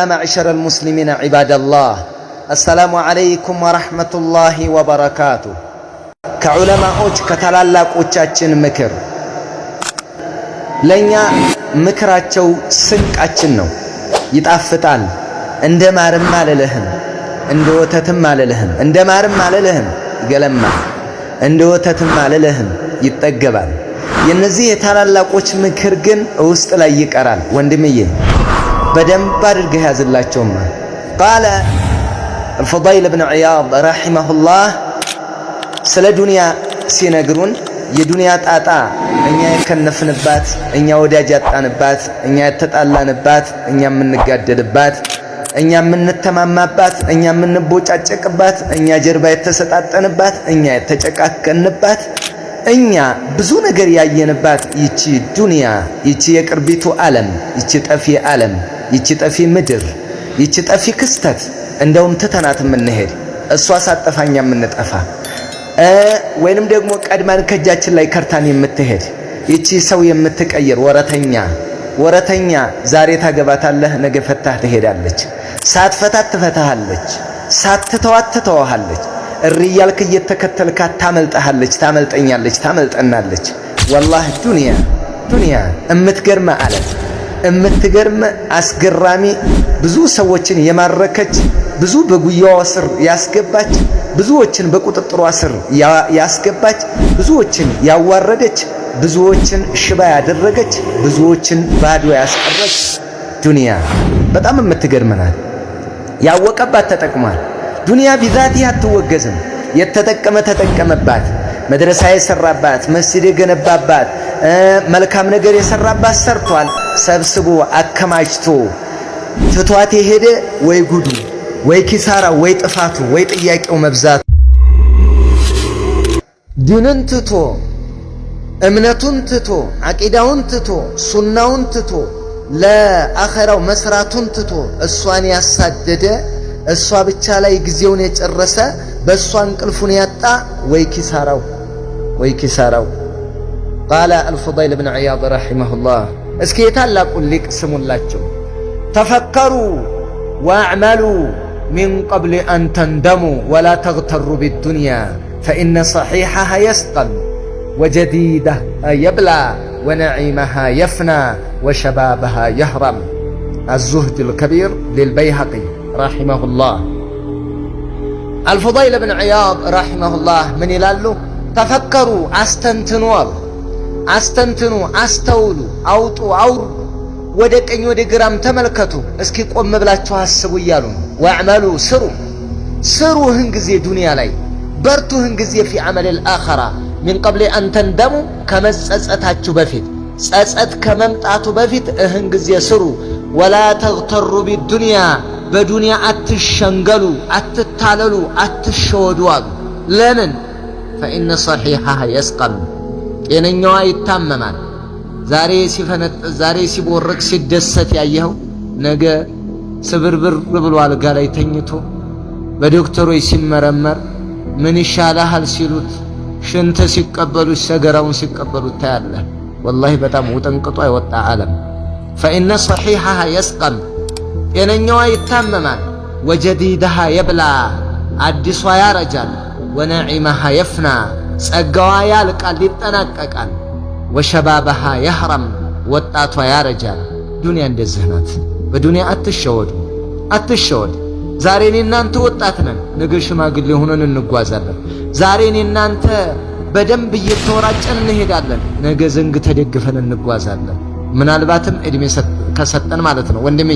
ያ ማዕሸረ ልሙስሊሚን ዒባደላህ አሰላሙ ዓለይኩም ወረሕመቱላሂ ወበረካቱ። ከዑለማዎች ከታላላቆቻችን ምክር ለእኛ ምክራቸው ስንቃችን ነው። ይጣፍጣል። እንደ ማርም አልልህም፣ እንደ ወተትም አልልህም፣ እንደ ማርም አልልህም፣ ይገለማል። እንደ ወተትም አልልህም፣ ይጠገባል። የእነዚህ የታላላቆች ምክር ግን ውስጥ ላይ ይቀራል ወንድምዬ በደንብ አድርገህ ያዝላቸውማ። ቃለ ፉዳይል ብን ዕያድ ረሒመሁላህ ስለ ዱንያ ሲነግሩን የዱንያ ጣጣ እኛ የከነፍንባት፣ እኛ ወዳጅ ያጣንባት፣ እኛ የተጣላንባት፣ እኛ የምንጋደልባት፣ እኛ የምንተማማባት፣ እኛ የምንቦጫጨቅባት፣ እኛ ጀርባ የተሰጣጠንባት፣ እኛ የተጨቃከንባት እኛ ብዙ ነገር ያየንባት ይቺ ዱንያ፣ ይቺ የቅርቢቱ ዓለም፣ ይቺ ጠፊ ዓለም፣ ይቺ ጠፊ ምድር፣ ይቺ ጠፊ ክስተት፣ እንደውም ትተናት የምንሄድ እሷ ሳጠፋኛ የምንጠፋ ወይንም ደግሞ ቀድማን ከእጃችን ላይ ከርታን የምትሄድ ይቺ ሰው የምትቀይር ወረተኛ ወረተኛ ዛሬ ታገባታለህ፣ ነገ ፈታህ ትሄዳለች። ሳትፈታት ትፈታሃለች፣ ሳትተዋት ትተዋሃለች። እሪ እያልክ እየተከተልካት ታመልጠሃለች፣ ታመልጠኛለች፣ ታመልጠናለች። ወላህ ዱንያ ዱንያ እምትገርመ አለት እምትገርም አስገራሚ ብዙ ሰዎችን የማረከች ብዙ በጉያዋ ስር ያስገባች ብዙዎችን በቁጥጥሯ ስር ያስገባች ብዙዎችን ያዋረደች ብዙዎችን ሽባ ያደረገች ብዙዎችን ባዶ ያስቀረች ዱንያ በጣም የምትገርም ያወቀባት ተጠቅሟል። ዱንያ ቢዛቲ አትወገዝም። የተጠቀመ ተጠቀመባት፣ መድረሳ የሰራባት፣ መስጂድ የገነባባት፣ መልካም ነገር የሰራባት ሰርቷል። ሰብስቦ አከማችቶ ትቷት የሄደ ወይ ጉዱ፣ ወይ ኪሳራ፣ ወይ ጥፋቱ፣ ወይ ጥያቄው መብዛቱ ድንን ትቶ እምነቱን ትቶ አቂዳውን ትቶ ሱናውን ትቶ ለአኸራው መስራቱን ትቶ እሷን ያሳደደ እሷ ብቻ ላይ ጊዜውን የጨረሰ በእሷ እንቅልፉን ያጣ ወይ ኪሳራው ወይ ኪሳራው። ቃለ አልፉዳይል ብን ዕያድ ረሒመሁላህ። እስኪ የታላቁን ሊቅ ስሙላቸው። ተፈከሩ ወአዕመሉ ሚን ቀብል አን ተንደሙ ወላ ተግተሩ ቢዱንያ ፈኢነ ሰሒሐሃ የስጠም ወጀዲደሃ የብላ ወነዒመሃ የፍና ወሸባበሃ የህረም። አዙህድ ልከቢር ልልበይሃቂ ረሒመሁላህ አልፉዳይል ብን ዕያድ ራሂመሁላህ ምን ይላሉ? ተፈከሩ አስተንትኑ አሉ። አስተንትኑ አስተውሉ፣ አውጡ፣ አውርዱ፣ ወደ ቀኝ ወደ ግራም ተመልከቱ፣ እስኪ ቆም ብላችሁ አስቡ እያሉ ነው። ወዕመሉ ስሩ ስሩህን ጊዜ ዱንያ ላይ በርቱህን ጊዜ ፊ ዐመል አኸራ ሚን ቀብል አንተንደሙ ከመጸጸታችሁ በፊት ጸጸት ከመምጣቱ በፊት እህን ጊዜ ስሩ። ወላ ተግተሩ ቢዱንያ በዱንያ አትሸንገሉ፣ አትታለሉ፣ አትሸወዱ አሉ። ለምን? ፈኢነ ሰሒሐ የስቀሉ ጤነኛዋ ይታመማል። ዛሬ ሲፈነጥዝ፣ ዛሬ ሲቦርቅ፣ ሲደሰት ያየኸው ነገ ስብርብር ብሎ አልጋ ላይ ተኝቶ በዶክተሮች ሲመረመር ምን ይሻልሃል ሲሉት ሽንት ሲቀበሉት ሰገራውን ሲቀበሉት ታያለህ። ወላሂ በጣም ውጥንቅጧ የወጣ ዓለም ፈኢነ ሰሒሐ የስቀሉ ጤነኛዋ ይታመማል፣ ወጀዲድሃ የብላ አዲሷ ያረጃል፣ ወነዒመሃ የፍና ጸጋዋ ያልቃል ይጠናቀቃል፣ ወሸባበሃ የህረም ወጣቷ ያረጃል። ዱንያ እንደዚህ ናት። በዱንያ አትሸወዱ፣ አትሸወድ። ዛሬ እኔ እናንተ ወጣት ነን፣ ነገ ሽማግሌ ሆነን እንጓዛለን። ዛሬ እኔ እናንተ በደንብ እየተወራጨን እንሄዳለን፣ ነገ ዘንግ ተደግፈን እንጓዛለን። ምናልባትም ዕድሜ ከሰጠን ማለት ነው ወንድሜ